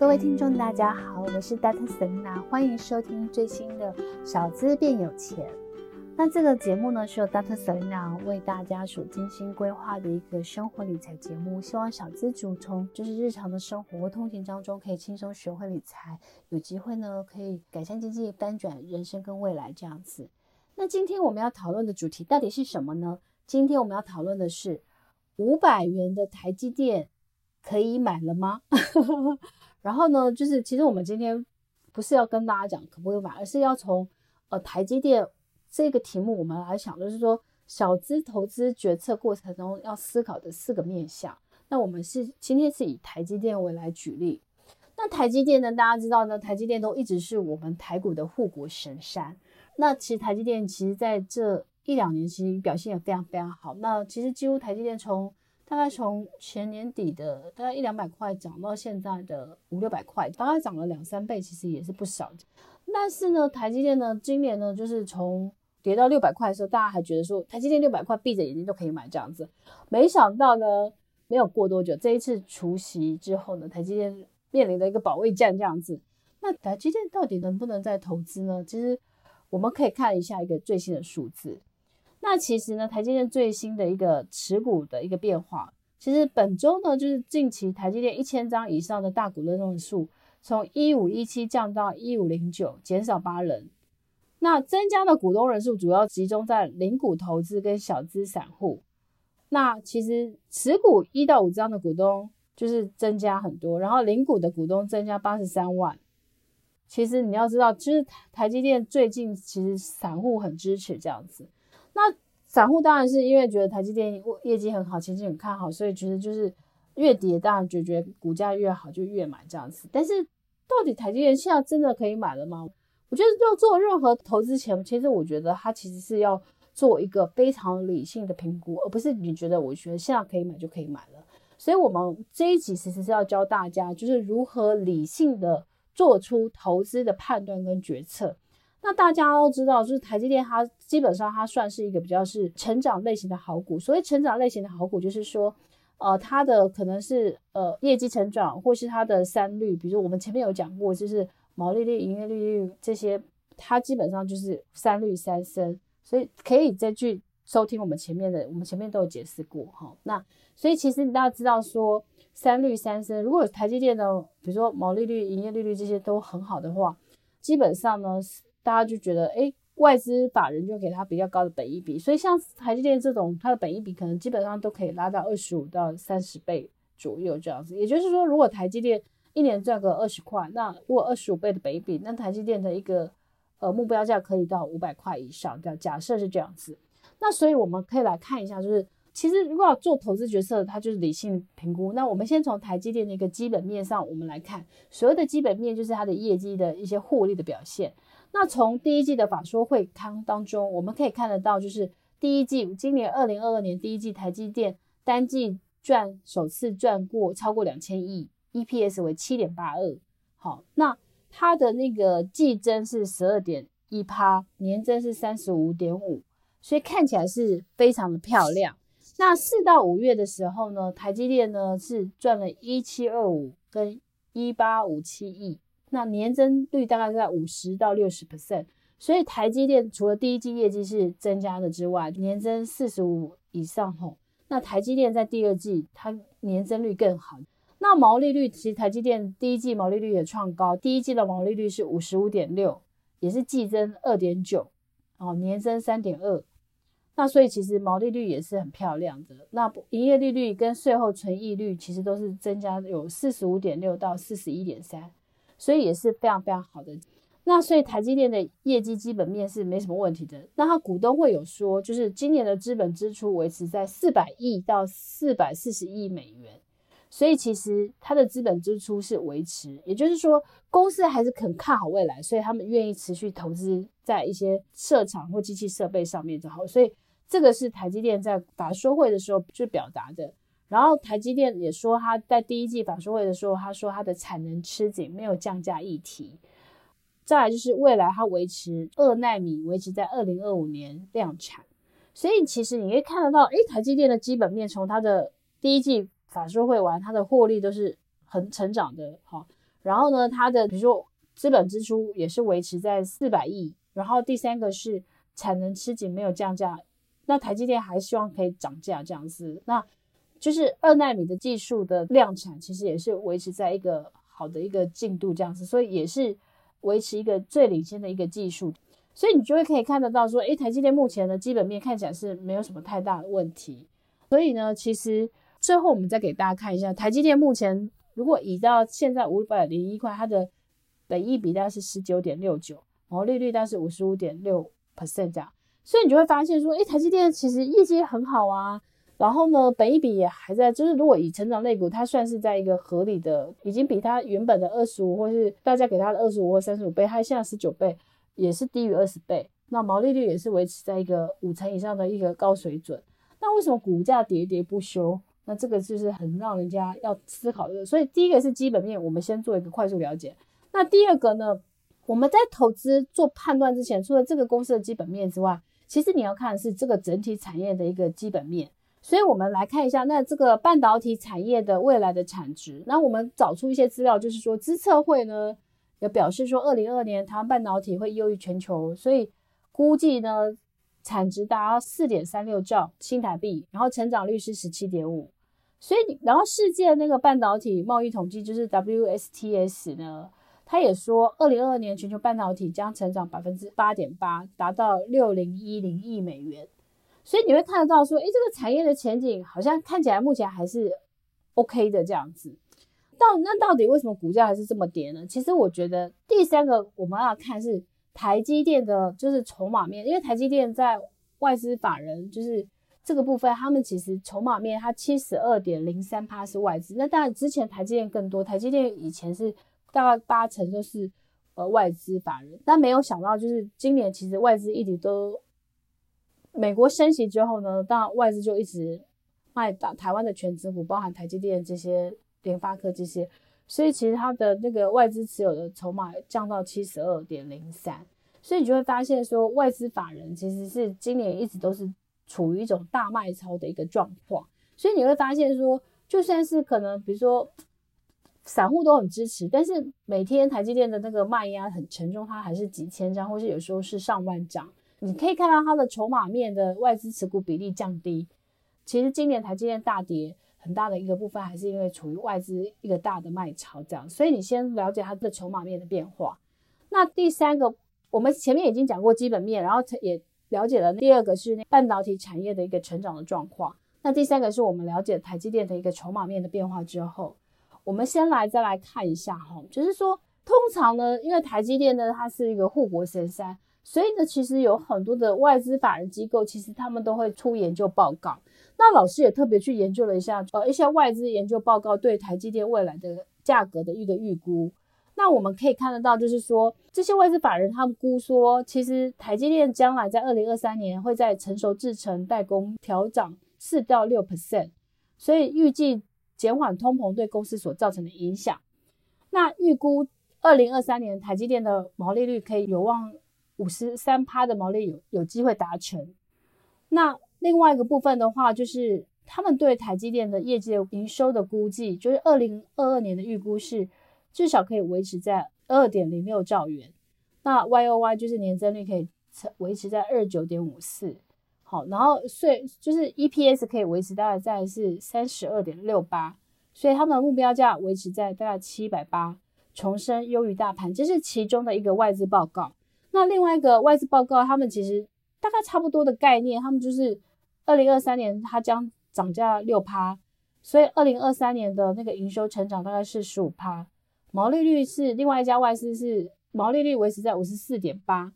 各位聽眾，大家好，我是 Data Selina 歡迎收聽最新的《小資變有錢》。那這個節目呢，是由 Data Selina 為大家所精心規劃的一個生活理財節目。希望小資主從就是日常的生活和通勤當中，可以輕鬆學會理財，有機會呢，可以改善經濟，翻轉人生跟未來這樣子。那今天我們要討論的主題到底是什麼呢？今天我們要討論的是五百元的台積電可以買了嗎？ 然後呢，就是其實我們今天不是要跟大家講可不可以買，而是要從呃台積電這個題目，我們來想，就是說小資投資決策過程中要思考的四個面向。那我們是今天是以台積電為來舉例。那台積電呢，大家知道呢，台積電都一直是我們台股的護國神山。那其實台積電其實在這一兩年其實表現也非常非常好。那其實幾乎台積電從大概從前年底的大概一兩百塊漲到現在的五六百塊，大概漲了兩三倍，其實也是不少。但是呢，台積電呢，今年呢，就是從跌到六百塊的時候，大家還覺得說台積電六百塊閉着眼睛都可以買這樣子，沒想到呢，沒有過多久，這一次除息之後呢，台積電面臨了一個保衛戰這樣子。那台積電到底能不能再投資呢？其實我們可以看一下一個最新的數字。那其實呢，台積電最新的一個持股的一個變化，其實本周呢，就是近期台積電一千張以上的大股的股東數從一五一七降到一五零九，減少八人。那增加的股東人數主要集中在零股投資跟小資散戶。那其實持股一到五張的股東就是增加很多，然後零股的股東增加八十三萬。其實你要知道，其實台積電最近其實散戶很支持這樣子。那散戶當然是因為覺得台積電業績很好，前景很看好，所以其實就是越跌，當然就覺得股價越好，就越買這樣子。但是到底台積電現在真的可以買了嗎？我覺得要做任何投資前，其實我覺得它其實是要做一個非常理性的評估，而不是你覺得我覺得現在可以買就可以買了。所以我們這一集其實是要教大家，就是如何理性的做出投資的判斷跟決策。那大家都知道，就是台積電，它基本上它算是一個比較是成長類型的好股。所謂成長類型的好股，就是說，呃，它的可能是呃業績成長，或是它的三率，比如說我們前面有講過，就是毛利率、營業利率這些，它基本上就是三率三升，所以可以再去收聽我們前面的，我們前面都有解釋過哈。那所以其實你都要知道說三率三升，如果台積電的比如說毛利率、營業利率這些都很好的話，基本上呢是。大家就覺得，哎，外資法人就給他比較高的本益比，所以像台積電這種，它的本益比可能基本上都可以拉到二十五到三十倍左右這樣子。也就是說，如果台積電一年賺個二十塊，那如果二十五倍的本益比，那台積電的一個呃目標價可以到五百塊以上。這樣假設是這樣子，那所以我們可以來看一下，就是其實如果要做投資決策，它就是理性評估。那我們先從台積電的一個基本面上，我們來看，所有的基本面就是它的業績的一些獲利的表現。那從第一季的法說會刊當中，我們可以看得到，就是第一季今年二零二二年第一季台積電單季賺首次賺過超過兩千億，EPS 為七點八二，好，那它的那個季增是十二點一趴，年增是三十五點五，所以看起來是非常的漂亮。那四到五月的時候呢，台積電呢是賺了一七二五跟一八五七億。那年增率大概在五十到六十 percent，所以台積電除了第一季業績是增加的之外，年增四十五以上哦。那台積電在第二季它年增率更好。那毛利率其實台積電第一季毛利率也創高，第一季的毛利率是五十五點六，也是季增二點九，哦，年增三點二。那所以其實毛利率也是很漂亮的。那營業利率跟稅後存益率其實都是增加，有四十五點六到四十一點三。所以也是非常非常好的，那所以台積電的業績基本面是沒什麼問題的。那它股東會有說，就是今年的資本支出維持在四百億到四百四十億美元，所以其實它的資本支出是維持，也就是說公司還是肯看好未來，所以他們願意持續投資在一些設廠或機器設備上面就好，之後所以這個是台積電在法說會的時候就表達的。然後台積電也說，他在第一季法說會的時候，他說他的產能吃緊，沒有降價議題。再來就是未來他維持二奈米，維持在二零二五年量產。所以其實你可以看得到，誒台積電的基本面從它的第一季法說會完，它的獲利都是很成長的，好、哦。然後呢，它的比如說資本支出也是維持在四百億。然後第三個是產能吃緊，沒有降價，那台積電還希望可以漲價這樣子。那就是二奈米的技術的量產，其實也是維持在一個好的一個進度這樣子，所以也是維持一個最領先的一個技術，所以你就會可以看得到說，誒、欸、台積電目前的基本面看起來是沒有什麼太大的問題。所以呢，其實最後我們再給大家看一下，台積電目前如果以到現在五百零一塊，它的本益比大概是十九點六九，毛利率大概是五十五點六 percent 這樣，所以你就會發現說，誒、欸、台積電其實業績很好啊。然後呢，本益比也還在，就是如果以成長類股，它算是在一個合理的，已經比它原本的二十五，或是大家給它的二十五或三十五倍，它現在十九倍，也是低於二十倍。那毛利率也是維持在一個五成以上的一個高水準。那為什麼股價跌跌不休？那這個就是很讓人家要思考的。所以第一個是基本面，我們先做一個快速了解。那第二個呢，我們在投資做判斷之前，除了這個公司的基本面之外，其實你要看是這個整體產業的一個基本面。所以，我們來看一下，那這個半導體產業的未來的產值。那我們找出一些資料，就是說資策會呢也表示說，二零二二年台灣半導體會優於全球，所以估計呢產值達四點三六兆新台幣，然後成長率是十七點五。所以，然後世界那個半導體貿易統計就是 WSTS 呢，他也說二零二二年全球半導體將成長百分之八點八，達到六零一零億美元。所以你會看得到說，哎，這個產業的前景好像看起來目前還是 OK 的這樣子。到那到底為什麼股價還是這麼跌呢？其實我覺得第三個我們要看是台積電的，就是籌碼面，因為台積電在外資法人就是這個部分，他們其實籌碼面它七十二點零三趴是外資。那當然之前台積電更多，台積電以前是大概八成都是呃外資法人，但沒有想到就是今年其實外資一直都。美國升息之後呢，當然外資就一直賣到台灣的權值股，包含台積電這些、聯發科這些，所以其實它的那個外資持有的籌碼降到七十二點零三，所以你就會發現說外資法人其實是今年一直都是處於一種大賣超的一個狀況，所以你會發現說，就算是可能比如說散戶都很支持，但是每天台積電的那個賣壓很沉重，它還是幾千張，或是有時候是上萬張。你可以看到它的籌碼面的外資持股比例降低，其實今年台積電大跌很大的一個部分還是因為處於外資一個大的賣潮這樣，所以你先了解它的籌碼面的變化。那第三個，我們前面已經講過基本面，然後也了解了第二個是那半導體產業的一個成長的狀況，那第三個是我們了解台積電的一個籌碼面的變化之後，我們先來再來看一下哈、哦，就是說通常呢，因為台積電呢它是一個護國神山。所以呢，其實有很多的外資法人機構，其實他們都會出研究報告。那老師也特別去研究了一下，呃，一些外資研究報告對台積電未來的價格的一個預估。那我們可以看得到，就是說這些外資法人他們估說，其實台積電將來在二零二三年會在成熟制程代工調漲四到六 percent，所以預計減緩通膨對公司所造成的影響。那預估二零二三年台積電的毛利率可以有望。五十三趴的毛利有有機會達成，那另外一個部分的話，就是他們對台積電的業績的營收的估計，就是二零二二年的預估是至少可以維持在二點零六兆元。那 Y O Y 就是年增率可以維持，持在二九點五四。好，然後所以就是 E P S 可以維持大概在是三十二點六八。所以他們的目標價維持在大概七百八。重申優於大盤，這是其中的一個外資報告。那另外一個外資報告，他們其實大概差不多的概念，他們就是二零二三年它將漲價六趴，所以二零二三年的那個營收成長大概是十五趴，毛利率是另外一家外資是毛利率維持在五十四點八，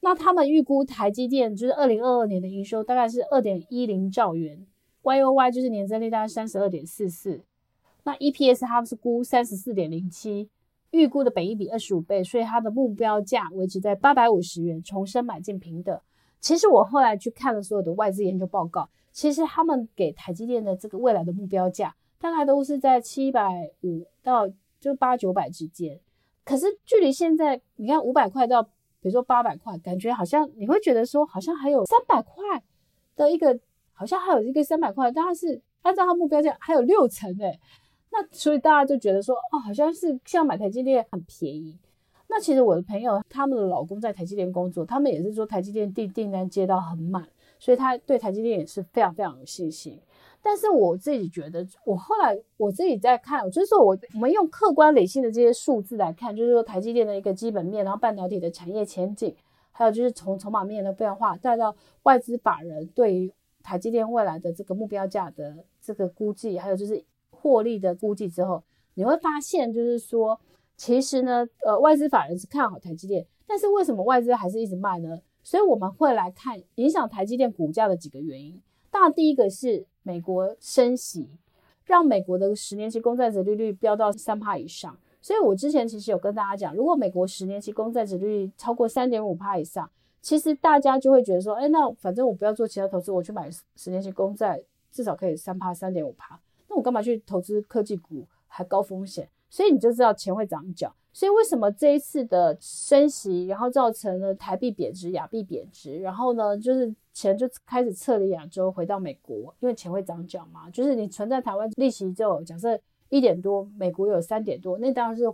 那他們預估台積電就是二零二二年的營收大概是二點一零兆元，YOY 就是年增率大概三十二點四四，那 EPS 他們是估三十四點零七。預估的本益比二十五倍，所以它的目標價維持在八百五十元，重申買進評等。其實我後來去看了所有的外資研究報告，其實他們給台積電的這個未來的目標價，大概都是在七百五到就八九百之間。可是距離現在，你看五百塊到，比如說八百塊，感覺好像你會覺得說，好像還有三百塊的一個，好像還有一個三百塊，但它是按照它目標價還有六成誒、欸那所以大家就覺得說，哦，好像是像買台積電很便宜。那其實我的朋友他們的老公在台積電工作，他們也是說台積電訂訂單接到很滿，所以他對台積電也是非常非常有信心。但是我自己覺得，我後來我自己在看，就是說我我們用客觀理性的這些數字來看，就是說台積電的一個基本面，然後半導體的產業前景，還有就是從籌碼面的變化，再到外資法人對於台積電未來的這個目標價的這個估計，還有就是。獲利的估計之後，你會發現，就是說，其實呢，呃，外資法人是看好台積電，但是為什麼外資還是一直賣呢？所以我們會來看影響台積電股價的幾個原因。當然，第一個是美國升息，讓美國的十年期公債殖利率飆到三趴以上。所以，我之前其實有跟大家講，如果美國十年期公債殖利率超過三點五趴以上，其實大家就會覺得說，哎、欸，那反正我不要做其他投資，我去買十年期公債，至少可以三趴、三點五趴。我幹嘛去投資科技股還高風險？所以你就知道錢會長腳。所以為什麼這一次的升息，然後造成了台幣貶值、亞幣貶值，然後呢，就是錢就開始撤離亞洲，回到美國，因為錢會長腳嘛。就是你存在台灣利息就假設一點多，美國有三點多，那當然是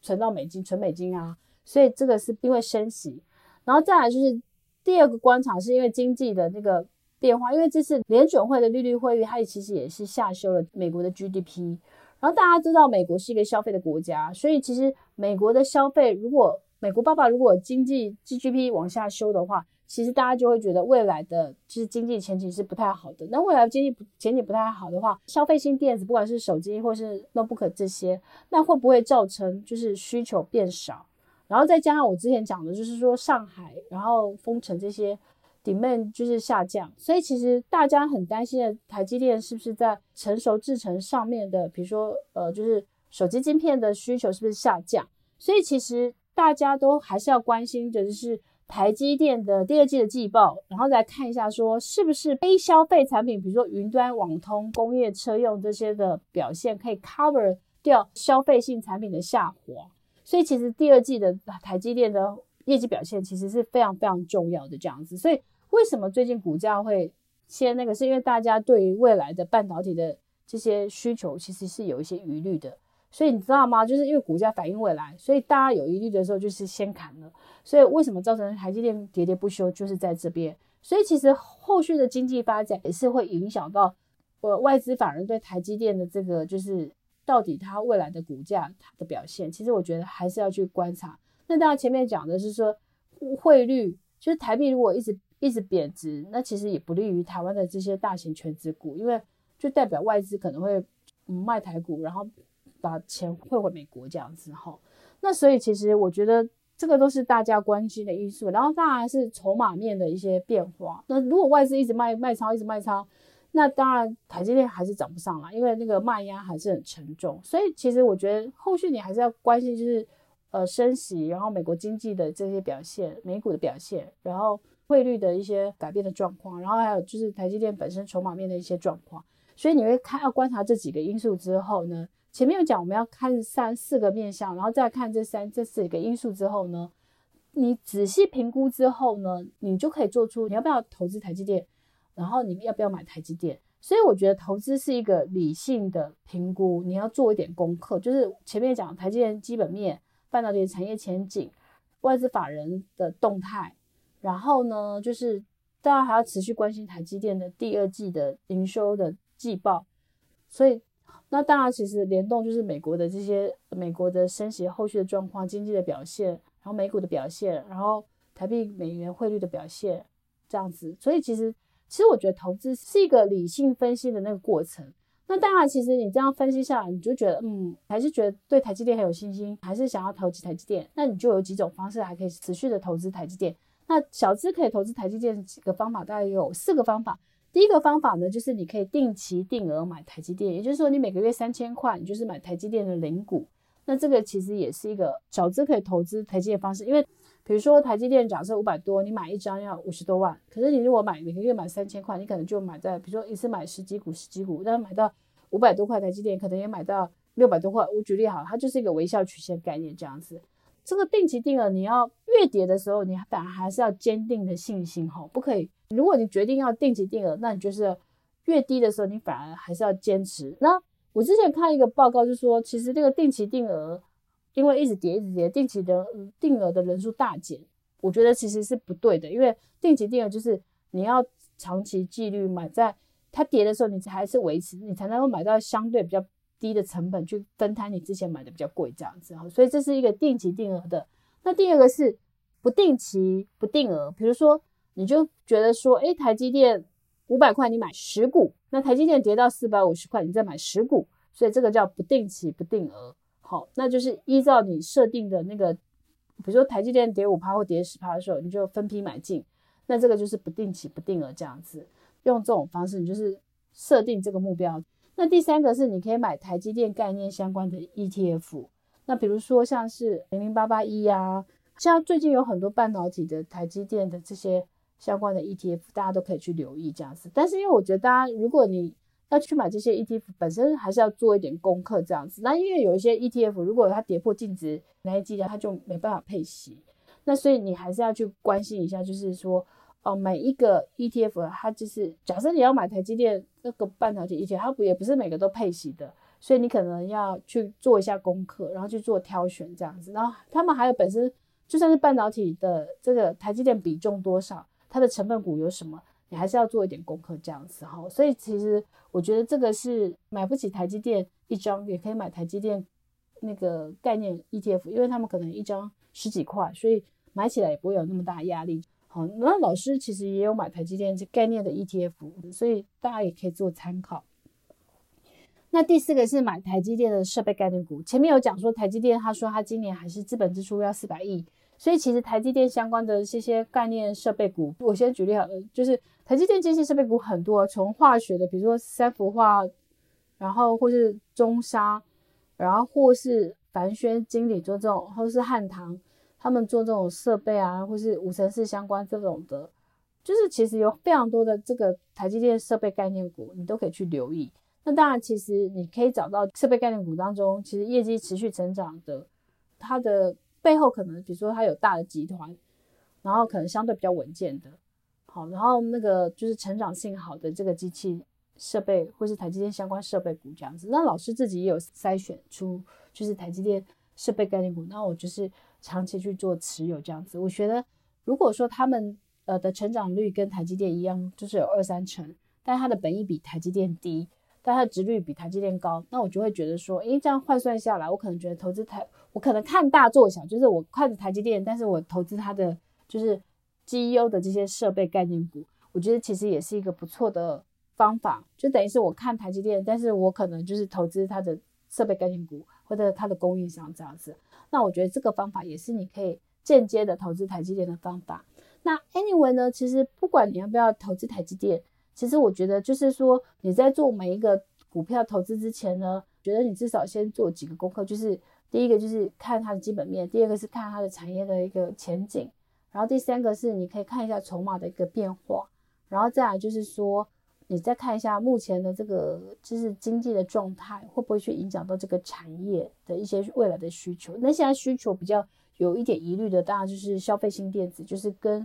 存到美金，存美金啊。所以這個是因為升息，然後再來就是第二個觀察是因為經濟的那個。變化，因為這次聯準會的利率會議，它其實也是下修了美國的 GDP。然後大家知道，美國是一個消費的國家，所以其實美國的消費，如果美國爸爸如果經濟 GDP 往下修的話，其實大家就會覺得未來的就是經濟前景是不太好的。那未來經濟前景不太好的話，消費性電子，不管是手機或是 notebook 這些，那會不會造成就是需求變少？然後再加上我之前講的，就是說上海然後封城這些。demand 就是下降，所以其實大家很擔心的，台積電是不是在成熟製程上面的，比如說呃，就是手機晶片的需求是不是下降？所以其實大家都還是要關心的，就是台積電的第二季的季報，然後再看一下說是不是非消費產品，比如說雲端、網通、工業車用這些的表現可以 cover 掉消費性產品的下滑。所以其實第二季的台積電的業績表現其實是非常非常重要的這樣子，所以。為什麼最近股價會先那個？是因為大家對於未來的半導體的這些需求其實是有一些疑慮的，所以你知道嗎？就是因為股價反映未來，所以大家有疑慮的時候就是先砍了。所以為什麼造成台積電跌跌不休？就是在這邊。所以其實後續的經濟發展也是會影響到我、呃、外資，法人對台積電的這個就是到底它未來的股價它的表現，其實我覺得還是要去觀察。那大家前面講的是說匯率，就是台幣如果一直，一直貶值，那其實也不利於台灣的這些大型權值股，因為就代表外資可能會賣台股，然後把錢匯回美國這樣子哈。那所以其實我覺得這個都是大家關心的因素。然後當然還是籌碼面的一些變化。那如果外資一直賣賣超，一直賣超，那當然台積電還是漲不上來，因為那個賣壓還是很沉重。所以其實我覺得後續你還是要關心就是呃升息，然後美國經濟的這些表現，美股的表現，然後。匯率的一些改變的狀況，然後還有就是台積電本身籌碼面的一些狀況，所以你會看要觀察這幾個因素之後呢，前面有講我們要看三四個面向，然後再看這三這四個因素之後呢，你仔細評估之後呢，你就可以做出你要不要投資台積電，然後你要不要買台積電。所以我覺得投資是一個理性的評估，你要做一點功課，就是前面講台積電基本面、半導體產業前景、外資法人的動態。然後呢，就是大家還要持續關心台積電的第二季的營收的季報，所以那當然其實聯動就是美國的這些美國的升息後續的狀況、經濟的表現，然後美股的表現，然後台幣美元匯率的表現這樣子。所以其實其實我覺得投資是一個理性分析的那個過程。那當然其實你這樣分析下來，你就覺得嗯，還是覺得對台積電很有信心，還是想要投資台積電，那你就有幾種方式還可以持續的投資台積電。那小資可以投資台積電的幾個方法，大概有四個方法。第一個方法呢，就是你可以定期定額買台積電，也就是說你每個月三千塊，你就是買台積電的零股。那這個其實也是一個小資可以投資台積電方式，因為比如說台積電假設五百多，你買一張要五十多萬，可是你如果買每個月買三千塊，你可能就買在比如說一次買十幾股、十幾股，但是買到五百多塊台積電可能也買到六百多塊。我舉例好，它就是一個微笑曲線概念這樣子。這個定期定額，你要越跌的時候，你反而還是要堅定的信心吼，不可以。如果你決定要定期定額，那你就是越低的時候，你反而還是要堅持。那我之前看一個報告，就說其實這個定期定額，因為一直跌，一直跌，定期的定額的人數大減，我覺得其實是不對的，因為定期定額就是你要長期紀律買在，在它跌的時候，你還是維持，你才能夠買到相對比較。低的成本去分攤你之前買的比較貴這樣子哈，所以這是一個定期定額的。那第二個是不定期不定額，比如說你就覺得說，誒，台積電五百塊你買十股，那台積電跌到四百五十塊你再買十股，所以這個叫不定期不定額。好，那就是依照你設定的那個，比如說台積電跌五趴或跌十趴的時候，你就分批買進，那這個就是不定期不定額這樣子。用這種方式，你就是設定這個目標。那第三個是，你可以買台積電概念相關的 ETF，那比如說像是零零八八一啊，像最近有很多半導體的台積電的這些相關的 ETF，大家都可以去留意這樣子。但是因為我覺得大家如果你要去買這些 ETF，本身還是要做一點功課這樣子。那因為有一些 ETF，如果它跌破淨值，那 ETF 它就沒辦法配息，那所以你還是要去關心一下，就是說。哦，每一個 ETF 它就是，假設你要買台積電那個半導體 ETF，它也不是每個都配息的，所以你可能要去做一下功課，然後去做挑選這樣子。然後他們還有本身就算是半導體的這個台積電比重多少，它的成分股有什麼，你還是要做一點功課這樣子哈。所以其實我覺得這個是買不起台積電一張，也可以買台積電那個概念 ETF，因為他們可能一張十幾塊，所以買起來也不會有那麼大壓力。好，那老師其實也有買台積電這概念的 ETF，所以大家也可以做參考。那第四個是買台積電的設備概念股。前面有講說台積電，他說他今年還是資本支出要四百億，所以其實台積電相關的這些概念設備股，我先舉例好了，就是台積電這些設備股很多，從化學的，比如說三福化，然後或是中砂，然後或是帆宣經理，做這種，或是漢唐。他們做這種設備啊，或是無塵室相關這種的，就是其實有非常多的這個台積電設備概念股，你都可以去留意。那當然，其實你可以找到設備概念股當中，其實業績持續成長的，它的背後可能比如說它有大的集團，然後可能相對比較穩健的，好，然後那個就是成長性好的這個機器設備，或是台積電相關設備股這樣子。那老師自己也有篩選出就是台積電設備概念股，那我就是。長期去做持有這樣子，我覺得如果說他們呃的成長率跟台積電一樣，就是有二三成，但它的本益比台積電低，但它的殖率比台積電高，那我就會覺得說，誒、欸、這樣換算下來，我可能覺得投資台，我可能看大做小，就是我看着台積電，但是我投資它的就是 G E O 的這些設備概念股，我覺得其實也是一個不錯的方法，就等於是我看台積電，但是我可能就是投資它的設備概念股。或者它的供應商這樣子，那我覺得這個方法也是你可以間接的投資台積電的方法。那 anyway 呢，其實不管你要不要投資台積電，其實我覺得就是說你在做每一個股票投資之前呢，覺得你至少先做幾個功課，就是第一個就是看它的基本面，第二個是看它的產業的一個前景，然後第三個是你可以看一下籌碼的一個變化，然後再來就是說。你再看一下目前的這個就是經濟的狀態，會不會去影響到這個產業的一些未來的需求？那現在需求比較有一點疑慮的，當然就是消費性電子，就是跟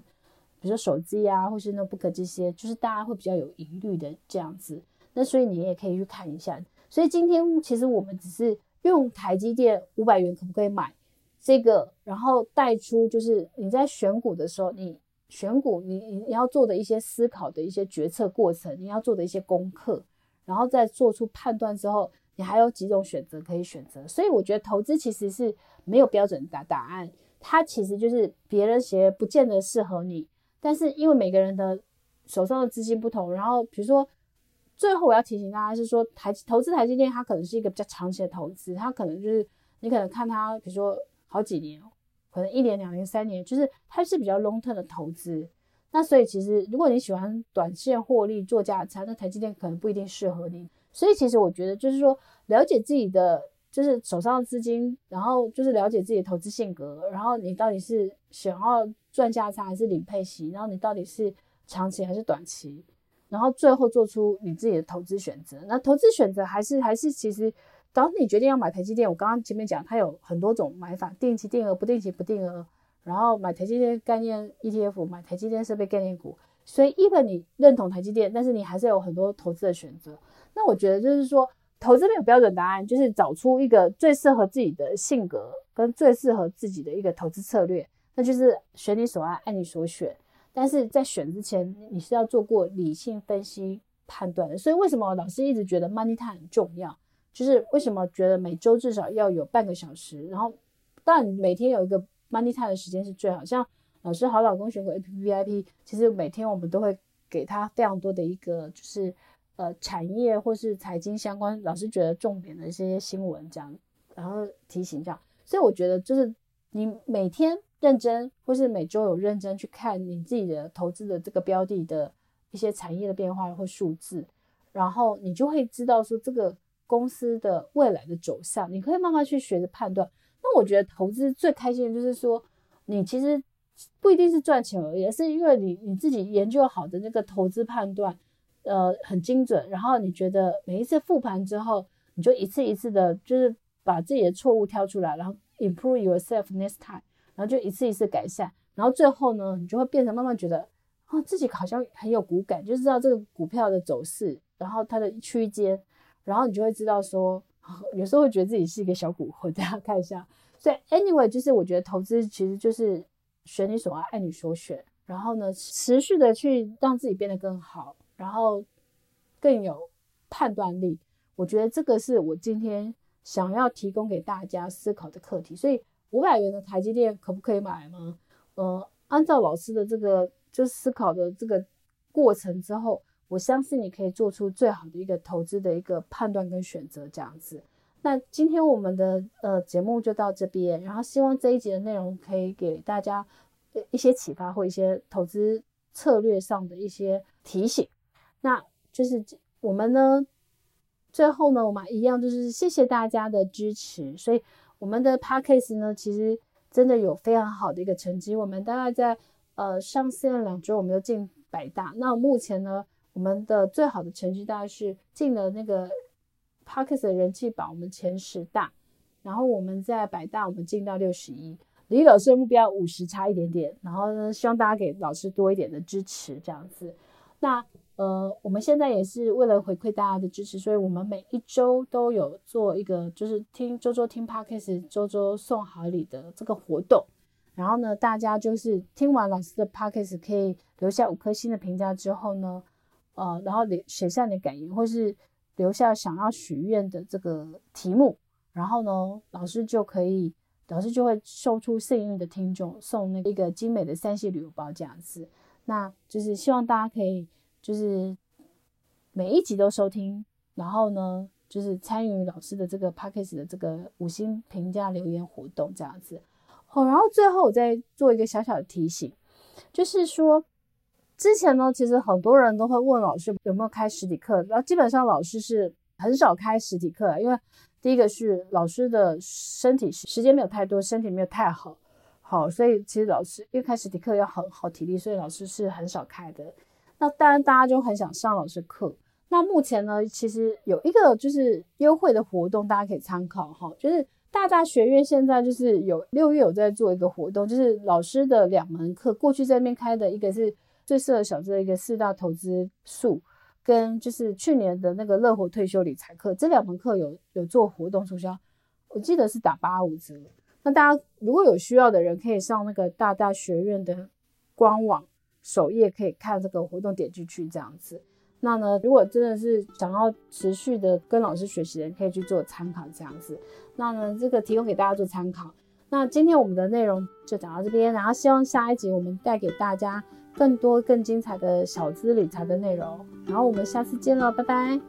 比如說手機啊，或是 notebook 這些，就是大家會比較有疑慮的這樣子。那所以你也可以去看一下。所以今天其實我們只是用台積電五百元可不可以買這個，然後帶出就是你在選股的時候，你。選股，你你要做的一些思考的一些決策過程，你要做的一些功課，然後再做出判斷之後，你還有幾種選擇可以選擇。所以我覺得投資其實是沒有標準答答案，它其實就是別人鞋不見得適合你，但是因為每個人的手上的資金不同，然後比如說最後我要提醒大家是說台投資台積電，它可能是一個比較長期的投資，它可能就是你可能看它，比如說好幾年。可能一年、兩年、三年，就是它是比較 long term 的投資。那所以其實，如果你喜歡短線獲利做價差，那台積電可能不一定適合你。所以其實我覺得，就是說了解自己的就是手上的資金，然後就是了解自己的投資性格，然後你到底是想要賺價差還是領配息，然後你到底是長期還是短期，然後最後做出你自己的投資選擇。那投資選擇還是還是其實。當你決定要買台積電，我剛剛前面講，它有很多種買法，定期定額、不定期不定額，然後買台積電概念 ETF，買台積電設備概念股。所以，even 你認同台積電，但是你還是有很多投資的選擇。那我覺得就是說，投資沒有標準答案，就是找出一個最適合自己的性格跟最適合自己的一個投資策略，那就是選你所愛，愛你所選。但是在選之前，你是要做過理性分析判斷的。所以，為什麼老師一直覺得 money 它很重要？就是為什麼覺得每週至少要有半個小時，然後，但每天有一個 money time 的時間是最好。像老師好老公選股 APP VIP，其實每天我們都會給他非常多的一個，就是呃產業或是財經相關老師覺得重點的一些新聞，這樣，然後提醒這樣，所以我覺得，就是你每天認真，或是每週有認真去看你自己的投資的這個標的的一些產業的變化或數字，然後你就會知道說這個。公司的未來的走向，你可以慢慢去學着判斷。那我覺得投資最開心的就是說，你其實不一定是賺錢而已，而是因為你你自己研究好的那個投資判斷，呃，很精準。然後你覺得每一次復盤之後，你就一次一次的，就是把自己的錯誤挑出來，然後 improve yourself next time，然後就一次一次改善。然後最後呢，你就會變成慢慢覺得啊，哦，自己好像很有股感，就知道這個股票的走勢，然後它的區間。然後你就會知道說，說有時候會覺得自己是一個小蠱惑，大家看一下。所以 anyway，就是我覺得投資其實就是選你所愛，愛你所選。然後呢，持續的去讓自己變得更好，然後更有判斷力。我覺得這個是我今天想要提供給大家思考的課題。所以五百元的台積電可不可以買嗎？嗯、呃，按照老師的這個就思考的這個過程之後。我相信你可以做出最好的一個投資的一個判斷跟選擇這樣子。那今天我們的呃節目就到這邊，然後希望這一集的內容可以給大家呃一些啟發或一些投資策略上的一些提醒。那就是我們呢，最後呢，我們一樣就是謝謝大家的支持。所以我們的 Podcast 呢，其實真的有非常好的一個成績。我們大概在呃上線兩周，我們就進百大。那目前呢？我們的最好的成績大概是進了那個 podcast 的人氣榜，我們前十大。然後我們在百大，我們進到六十一，離老師的目標五十差一點點。然後呢，希望大家給老師多一點的支持，這樣子。那呃，我們現在也是為了回饋大家的支持，所以我們每一周都有做一個，就是聽周周聽 podcast 周周送好禮的這個活動。然後呢，大家就是聽完老師的 podcast 可以留下五顆星的評價之後呢。呃，然後留寫下你的感言，或是留下想要許願的這個題目，然後呢，老師就可以，老師就會抽出幸運的聽眾，送那個一個精美的三系旅遊包這樣子。那就是希望大家可以，就是每一集都收聽，然後呢，就是參與老師的這個 podcast 的這個五星評價留言活動這樣子。好，然後最後我再做一個小小的提醒，就是說。之前呢，其實很多人都會問老師有沒有開實體課，然後基本上老師是很少開實體課，因為第一個是老師的身體時間沒有太多，身體沒有太好，好，所以其實老師因為開實體課要很耗體力，所以老師是很少開的。那當然大家就很想上老師課。那目前呢，其實有一個就是優惠的活動，大家可以參考哈，就是大大學院現在就是有六月有在做一個活動，就是老師的兩門課，過去在那邊開的一個是。最適合小資的一個四大投資術，跟就是去年的那個樂活退休理財課，這兩門課有有做活動促銷，我記得是打八五折。那大家如果有需要的人，可以上那個大大學院的官網首頁，可以看這個活動，點進去這樣子。那呢，如果真的是想要持續的跟老師學習的人，可以去做參考這樣子。那呢，這個提供給大家做參考。那今天我們的內容就講到這邊，然後希望下一集我們帶給大家更多更精彩的小資理財的內容，然後我們下次見了，拜拜。